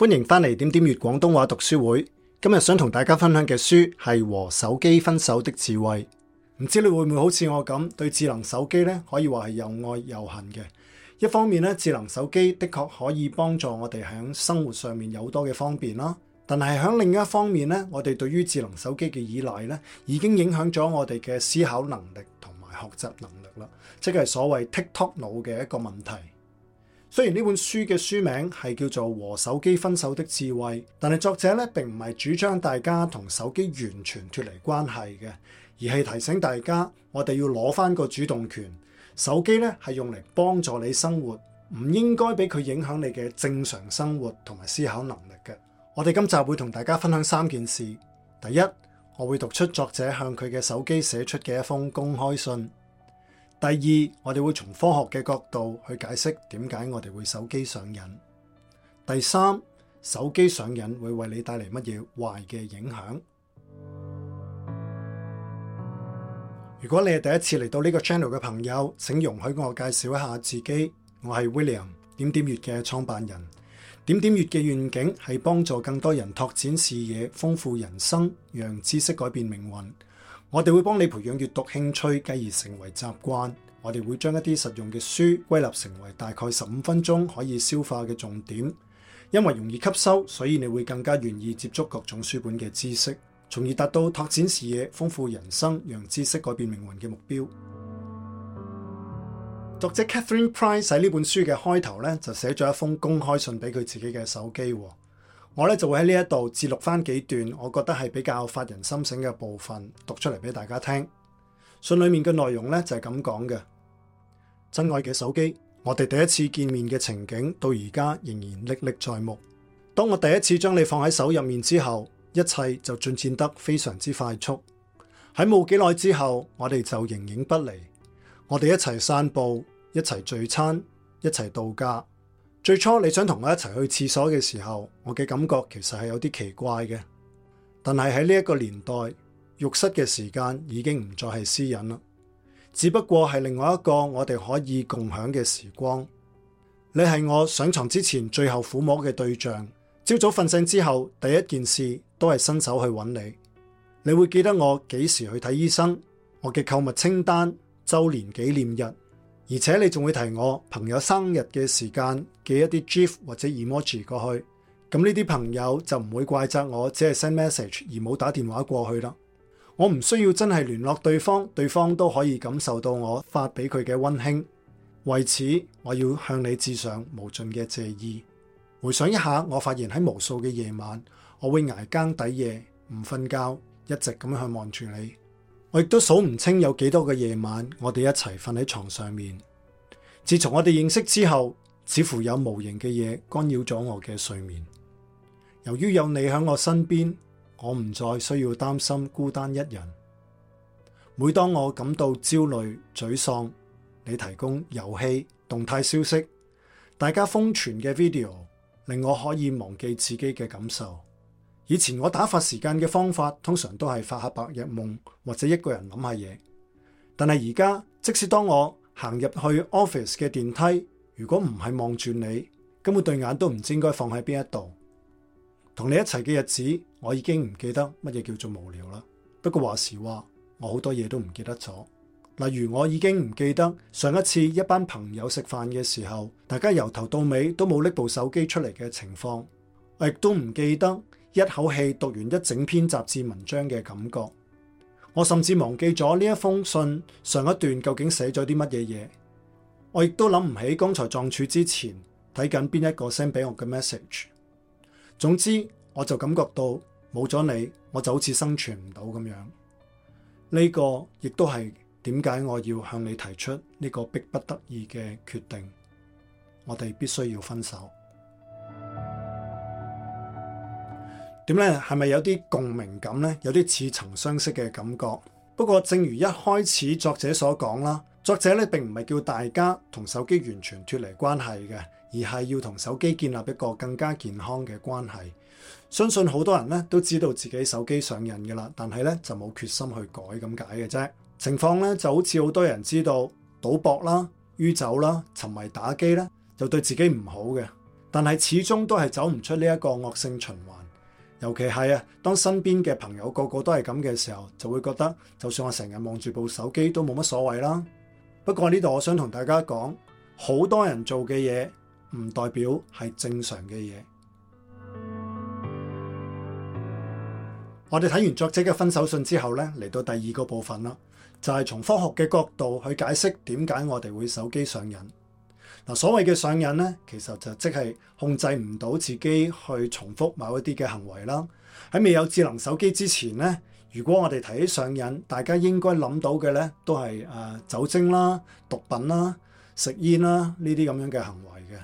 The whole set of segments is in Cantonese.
歡迎翻嚟《點點粵廣東話讀書會》。今日想同大家分享嘅書係《和手機分手的智慧》。唔知你會唔會好似我咁對智能手機咧，可以話係又愛又恨嘅。一方面咧，智能手機的確可以幫助我哋喺生活上面有多嘅方便啦。但係喺另一方面咧，我哋對於智能手機嘅依賴咧，已經影響咗我哋嘅思考能力同埋學習能力啦，即係所謂 TikTok 腦嘅一個問題。雖然呢本書嘅書名係叫做《和手機分手的智慧》，但係作者咧並唔係主張大家同手機完全脫離關係嘅，而係提醒大家我哋要攞返個主動權。手機咧係用嚟幫助你生活，唔應該俾佢影響你嘅正常生活同埋思考能力嘅。我哋今集會同大家分享三件事。第一，我會讀出作者向佢嘅手機寫出嘅一封公開信。第二，我哋會從科學嘅角度去解釋點解我哋會手機上癮。第三，手機上癮會為你帶嚟乜嘢壞嘅影響？如果你係第一次嚟到呢個 channel 嘅朋友，請容許我介紹一下自己，我係 William 點點閱嘅創辦人。點點閱嘅願景係幫助更多人拓展視野、豐富人生，讓知識改變命運。我哋會幫你培養閱讀興趣，繼而成為習慣。我哋會將一啲實用嘅書歸納成為大概十五分鐘可以消化嘅重點，因為容易吸收，所以你會更加願意接觸各種書本嘅知識，從而達到拓展視野、豐富人生、讓知識改變命運嘅目標。作者 Catherine Price 喺呢本書嘅開頭呢，就寫咗一封公開信俾佢自己嘅手機。我咧就會喺呢一度節錄翻幾段，我覺得係比較發人心省嘅部分，讀出嚟俾大家聽。信裏面嘅內容呢，就係咁講嘅真愛嘅手機，我哋第一次見面嘅情景到而家仍然歷歷在目。當我第一次將你放喺手入面之後，一切就進展得非常之快速。喺冇幾耐之後，我哋就形影不離，我哋一齊散步，一齊聚餐，一齊度假。最初你想同我一齊去廁所嘅時候，我嘅感覺其實係有啲奇怪嘅。但係喺呢一個年代，浴室嘅時間已經唔再係私隱啦，只不過係另外一個我哋可以共享嘅時光。你係我上床之前最後撫摸嘅對象，朝早瞓醒之後第一件事都係伸手去揾你。你會記得我幾時去睇醫生，我嘅購物清單、周年紀念日。而且你仲會提我朋友生日嘅時間，寄一啲 GIF 或者 emoji 過去，咁呢啲朋友就唔會怪責我，只係 send message 而冇打電話過去啦。我唔需要真係聯絡對方，對方都可以感受到我發俾佢嘅溫馨。為此，我要向你致上無盡嘅謝意。回想一下，我發現喺無數嘅夜晚，我會挨更抵夜唔瞓覺，一直咁樣向望住你。我亦都數唔清有幾多個夜晚，我哋一齊瞓喺床上面。自從我哋認識之後，似乎有無形嘅嘢干擾咗我嘅睡眠。由於有你喺我身邊，我唔再需要擔心孤單一人。每當我感到焦慮、沮喪，你提供遊戲、動態消息、大家瘋傳嘅 video，令我可以忘記自己嘅感受。以前我打發時間嘅方法通常都係發下白日夢或者一個人諗下嘢。但係而家，即使當我行入去 office 嘅電梯，如果唔係望住你，根本對眼都唔知應該放喺邊一度。同你一齊嘅日子，我已經唔記得乜嘢叫做無聊啦。不過話時話，我好多嘢都唔記得咗，例如我已經唔記得上一次一班朋友食飯嘅時候，大家由頭到尾都冇拎部手機出嚟嘅情況，我亦都唔記得，一口氣讀完一整篇雜誌文章嘅感覺，我甚至忘記咗呢一封信上一段究竟寫咗啲乜嘢嘢，我亦都諗唔起剛才撞柱之前睇緊邊一個 send 俾我嘅 message。總之，我就感覺到冇咗你，我就好似生存唔到咁樣。呢、這個亦都係點解我要向你提出呢個逼不得已嘅決定，我哋必須要分手。麼是不是點咧係咪有啲共鳴感呢？有啲似曾相識嘅感覺。不過，正如一開始作者所講啦，作者咧並唔係叫大家同手機完全脫離關係嘅，而係要同手機建立一個更加健康嘅關係。相信好多人咧都知道自己手機上癮㗎喇，但係咧就冇決心去改咁解嘅啫。情況咧就好似好多人知道賭博啦、酗酒啦、沉迷打機啦，就對自己唔好嘅，但係始終都係走唔出呢一個惡性循環。尤其係啊，當身邊嘅朋友個個都係咁嘅時候，就會覺得就算我成日望住部手機都冇乜所謂啦。不過呢度，我想同大家講，好多人做嘅嘢唔代表係正常嘅嘢。 我哋睇完作者嘅分手信之後呢，嚟到第二個部分啦，就係、是、從科學嘅角度去解釋點解我哋會手機上癮。嗱，所謂嘅上癮咧，其實就即係控制唔到自己去重複某一啲嘅行為啦。喺未有智能手機之前咧，如果我哋提起上癮，大家應該諗到嘅咧都係誒、啊、酒精啦、毒品啦、食煙啦呢啲咁樣嘅行為嘅。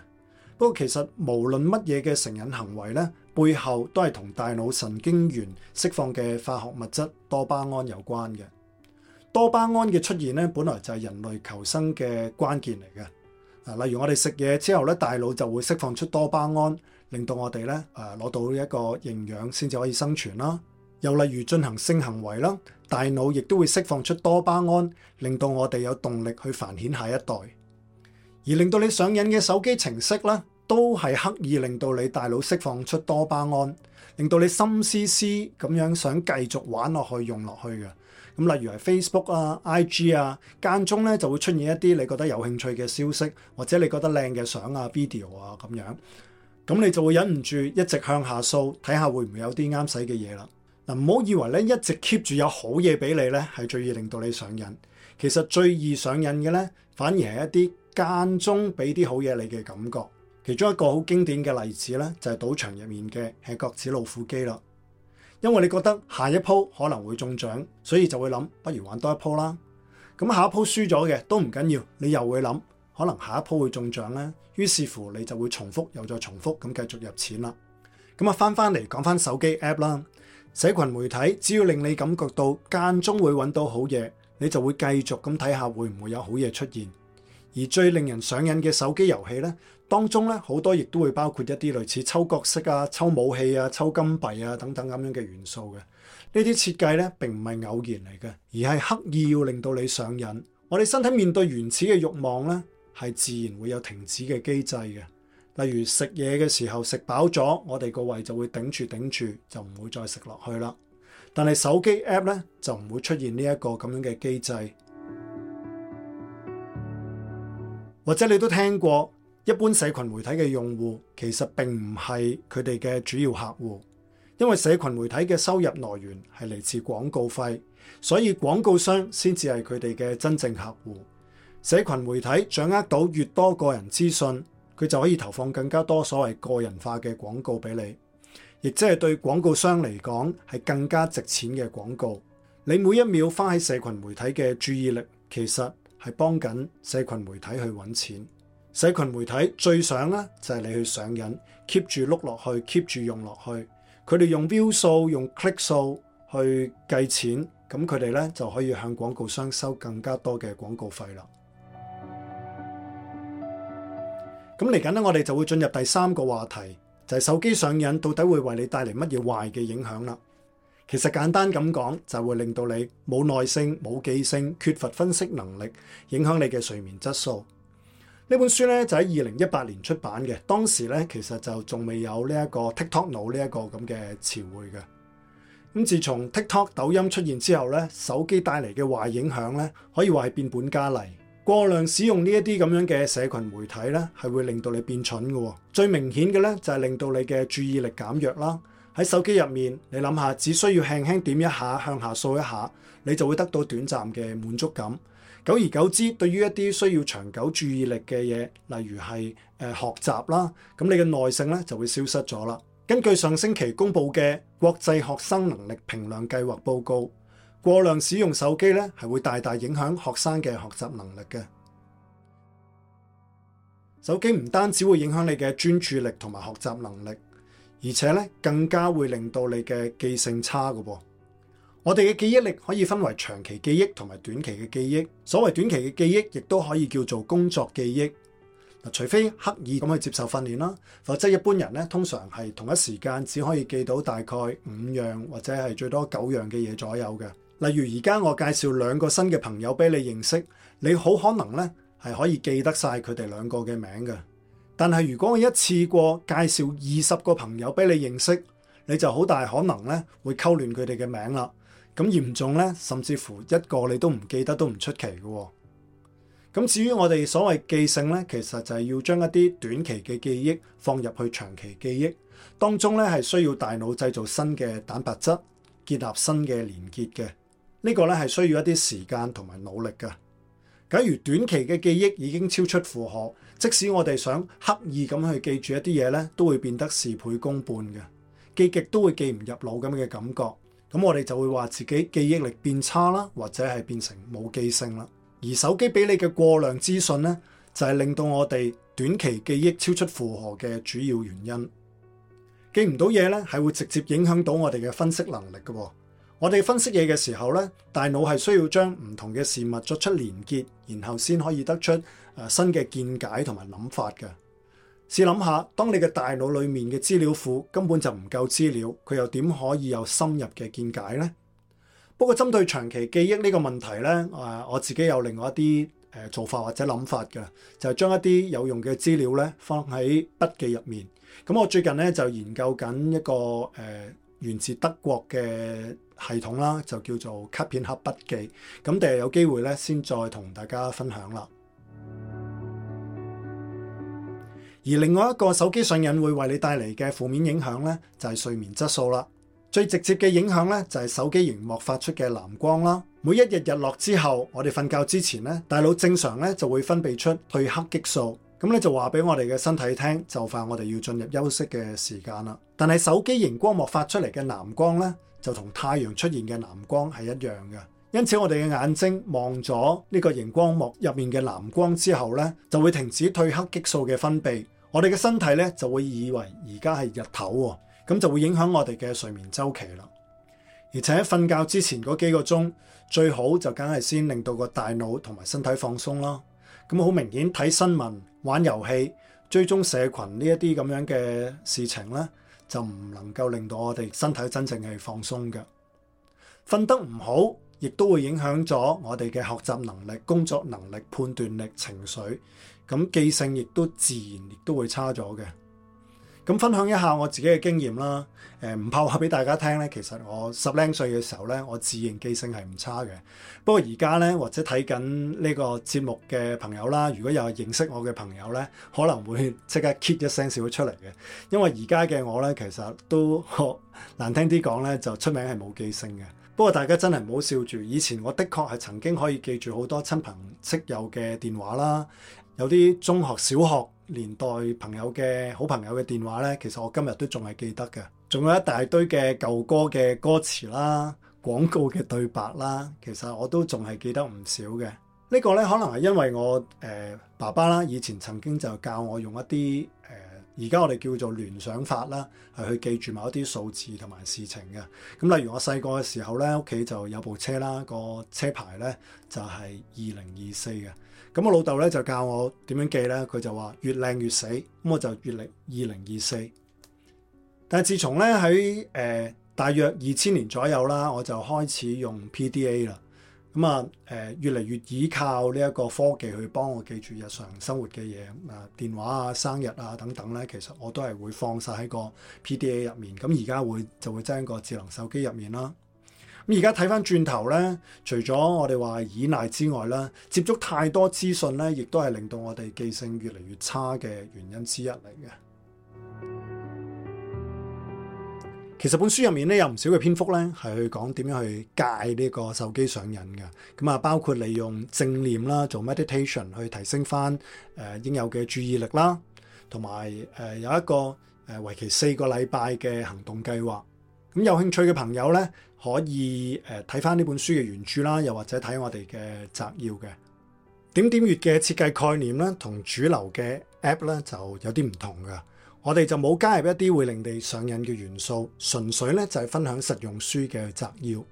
不過其實無論乜嘢嘅成癮行為咧，背後都係同大腦神經元釋放嘅化學物質多巴胺有關嘅。多巴胺嘅出現咧，本來就係人類求生嘅關鍵嚟嘅。啊，例如我哋食嘢之後咧，大腦就會釋放出多巴胺，令到我哋咧，誒攞到一個營養先至可以生存啦。又例如進行性行為啦，大腦亦都會釋放出多巴胺，令到我哋有動力去繁衍下一代。而令到你上癮嘅手機程式咧，都係刻意令到你大腦釋放出多巴胺，令到你心思思咁樣想繼續玩落去、用落去嘅。咁例如係 Facebook 啊、IG 啊，間中咧就會出現一啲你覺得有興趣嘅消息，或者你覺得靚嘅相啊、video 啊咁樣，咁你就會忍唔住一直向下掃，睇下會唔會有啲啱使嘅嘢啦。嗱，唔好以為咧一直 keep 住有好嘢俾你咧，係最易令到你上癮。其實最易上癮嘅咧，反而係一啲間中俾啲好嘢你嘅感覺。其中一個好經典嘅例子咧，就係賭場入面嘅吃角子老虎機啦。因為你覺得下一鋪可能會中獎，所以就會諗，不如玩多一鋪啦。咁下一鋪輸咗嘅都唔緊要，你又會諗，可能下一鋪會中獎咧。於是乎，你就會重複又再重複咁繼續入錢啦。咁啊，翻翻嚟講翻手機 app 啦，社群媒體只要令你感覺到間中會揾到好嘢，你就會繼續咁睇下會唔會有好嘢出現。而最令人上癮嘅手機遊戲咧，當中咧好多亦都會包括一啲類似抽角色啊、抽武器啊、抽金幣啊等等咁樣嘅元素嘅。這些設計呢啲設計咧並唔係偶然嚟嘅，而係刻意要令到你上癮。我哋身體面對原始嘅慾望咧，係自然會有停止嘅機制嘅。例如食嘢嘅時候食飽咗，我哋個胃就會頂住頂住，就唔會再食落去啦。但係手機 App 咧就唔會出現呢一個咁樣嘅機制。或者你都聽過，一般社群媒體嘅用戶其實並唔係佢哋嘅主要客戶，因為社群媒體嘅收入來源係嚟自廣告費，所以廣告商先至係佢哋嘅真正客戶。社群媒體掌握到越多個人資訊，佢就可以投放更加多所謂個人化嘅廣告俾你，亦即係對廣告商嚟講係更加值錢嘅廣告。你每一秒花喺社群媒體嘅注意力，其實係幫緊社群媒體去揾錢，社群媒體最想咧就係、是、你去上癮，keep 住碌落去，keep 住用落去，佢哋用 view 數、用 click 數去計錢，咁佢哋咧就可以向廣告商收更加多嘅廣告費啦。咁嚟緊咧，我哋就會進入第三個話題，就係、是、手機上癮到底會為你帶嚟乜嘢壞嘅影響啦。其實簡單咁講，就會令到你冇耐性、冇記性、缺乏分析能力，影響你嘅睡眠質素。呢本書咧就喺二零一八年出版嘅，當時咧其實就仲未有呢一個 TikTok 腦呢一個咁嘅詞彙嘅。咁自從 TikTok 抖音出現之後咧，手機帶嚟嘅壞影響咧，可以話係變本加厲。過量使用呢一啲咁樣嘅社群媒體咧，係會令到你變蠢嘅。最明顯嘅咧就係令到你嘅注意力減弱啦。喺手機入面，你諗下，只需要輕輕點一下，向下掃一下，你就會得到短暫嘅滿足感。久而久之，對於一啲需要長久注意力嘅嘢，例如係誒、呃、學習啦，咁你嘅耐性咧就會消失咗啦。根據上星期公布嘅國際學生能力評量計劃報告，過量使用手機咧係會大大影響學生嘅學習能力嘅。手機唔單止會影響你嘅專注力同埋學習能力，而且咧，更加會令到你嘅記性差嘅噃，哦。我哋嘅記憶力可以分為長期記憶同埋短期嘅記憶。所謂短期嘅記憶，亦都可以叫做工作記憶。除非刻意咁去接受訓練啦，否則一般人咧，通常係同一時間只可以記到大概五樣或者係最多九樣嘅嘢左右嘅。例如而家我介紹兩個新嘅朋友俾你認識，你好可能咧係可以記得晒佢哋兩個嘅名嘅。但係如果我一次過介紹二十個朋友俾你認識，你就好大可能咧會溝亂佢哋嘅名啦。咁嚴重咧，甚至乎一個你都唔記得都唔出奇嘅。咁至於我哋所謂記性咧，其實就係要將一啲短期嘅記憶放入去長期記憶當中咧，係需要大腦製造新嘅蛋白質，結合新嘅連結嘅。呢個咧係需要一啲時間同埋努力嘅。假如短期嘅記憶已經超出負荷。即使我哋想刻意咁去記住一啲嘢咧，都會變得事倍功半嘅，記極都會記唔入腦咁嘅感覺。咁我哋就會話自己記憶力變差啦，或者係變成冇記性啦。而手機俾你嘅過量資訊咧，就係令到我哋短期記憶超出負荷嘅主要原因。記唔到嘢咧，係會直接影響到我哋嘅分析能力嘅。我哋分析嘢嘅時候咧，大腦係需要將唔同嘅事物作出連結，然後先可以得出誒新嘅見解同埋諗法嘅。試諗下，當你嘅大腦裡面嘅資料庫根本就唔夠資料，佢又點可以有深入嘅見解呢？不過針對長期記憶呢個問題咧，誒我自己有另外一啲誒做法或者諗法嘅，就係、是、將一啲有用嘅資料咧放喺筆記入面。咁我最近咧就研究緊一個誒、呃、源自德國嘅系統啦，就叫做卡片盒筆記。咁，第日有機會咧，先再同大家分享啦。而另外一個手機上癮會為你帶嚟嘅負面影響咧，就係睡眠質素啦。最直接嘅影響咧，就係手機熒幕發出嘅藍光啦。每一日日落之後，我哋瞓覺之前咧，大腦正常咧就會分泌出褪黑激素，咁咧就話俾我哋嘅身體聽，就快我哋要進入休息嘅時間啦。但係手機熒光幕發出嚟嘅藍光咧，就同太陽出現嘅藍光係一樣嘅，因此我哋嘅眼睛望咗呢個熒光幕入面嘅藍光之後呢，就會停止褪黑激素嘅分泌，我哋嘅身體呢，就會以為而家係日頭喎，咁就會影響我哋嘅睡眠周期啦。而且瞓覺之前嗰幾個鐘最好就梗係先令到個大腦同埋身體放鬆啦。咁好明顯睇新聞、玩遊戲、追蹤社群呢一啲咁樣嘅事情啦。就唔能夠令到我哋身體真正係放鬆嘅，瞓得唔好，亦都會影響咗我哋嘅學習能力、工作能力、判斷力、情緒，咁記性亦都自然亦都會差咗嘅。咁分享一下我自己嘅經驗啦，呃、唔怕話俾大家聽咧，其實我十零歲嘅時候咧，我自認記性係唔差嘅。不過而家咧，或者睇緊呢個節目嘅朋友啦，如果有認識我嘅朋友咧，可能會即刻 kit 一聲笑出嚟嘅，因為而家嘅我咧，其實都難聽啲講咧，就出名係冇記性嘅。不過大家真係唔好笑住，以前我的確係曾經可以記住好多親朋戚友嘅電話啦。有啲中學、小學年代朋友嘅好朋友嘅電話咧，其實我今日都仲係記得嘅。仲有一大堆嘅舊歌嘅歌詞啦、廣告嘅對白啦，其實我都仲係記得唔少嘅。這個、呢個咧可能係因為我誒、呃、爸爸啦，以前曾經就教我用一啲誒而家我哋叫做聯想法啦，係去記住某一啲數字同埋事情嘅。咁、嗯、例如我細個嘅時候咧，屋企就有部車啦，個車牌咧就係二零二四嘅。咁我老豆咧就教我點樣記呢？佢就話越靚越死，咁我就越嚟。二零二四。但係自從咧喺大約二千年左右啦，我就開始用 PDA 啦。咁啊、呃、越嚟越依靠呢一個科技去幫我記住日常生活嘅嘢啊電話啊生日啊等等咧，其實我都係會放晒喺個 PDA 入面。咁而家會就會將個智能手機入面啦。咁而家睇翻轉頭咧，除咗我哋話依賴之外咧，接觸太多資訊咧，亦都係令到我哋記性越嚟越差嘅原因之一嚟嘅。其實本書入面咧有唔少嘅篇幅咧，係去講點樣去戒呢個手機上癮嘅。咁啊，包括利用正念啦，做 meditation 去提升翻誒應有嘅注意力啦，同埋誒有一個誒為期四個禮拜嘅行動計劃。咁有興趣嘅朋友呢，可以誒睇翻呢本書嘅原著啦，又或者睇我哋嘅摘要嘅。點點閱嘅設計概念呢，同主流嘅 App 呢就有啲唔同嘅。我哋就冇加入一啲會令你上癮嘅元素，純粹呢就係分享實用書嘅摘要。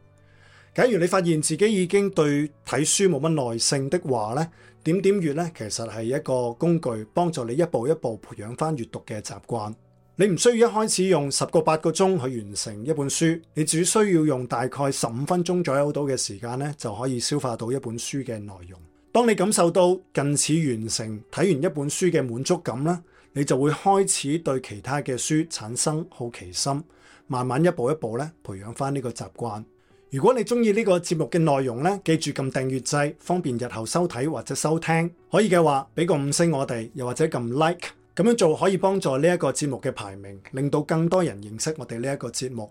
假如你發現自己已經對睇書冇乜耐性的話呢，點點閱呢，其實係一個工具，幫助你一步一步培養翻閱讀嘅習慣。你唔需要一開始用十個八個鐘去完成一本書，你只需要用大概十五分鐘左右到嘅時間咧，就可以消化到一本書嘅內容。當你感受到近似完成睇完一本書嘅滿足感啦，你就會開始對其他嘅書產生好奇心，慢慢一步一步咧培養翻呢個習慣。如果你中意呢個節目嘅內容咧，記住撳訂閱掣，方便日後收睇或者收聽。可以嘅話，俾個五星我哋，又或者撳 like。咁樣做可以幫助呢一個節目嘅排名，令到更多人認識我哋呢一個節目。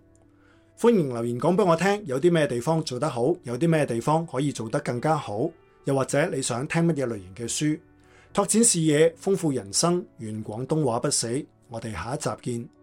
歡迎留言講俾我聽，有啲咩地方做得好，有啲咩地方可以做得更加好，又或者你想聽乜嘢類型嘅書，拓展視野，豐富人生，願廣東話不死。我哋下一集見。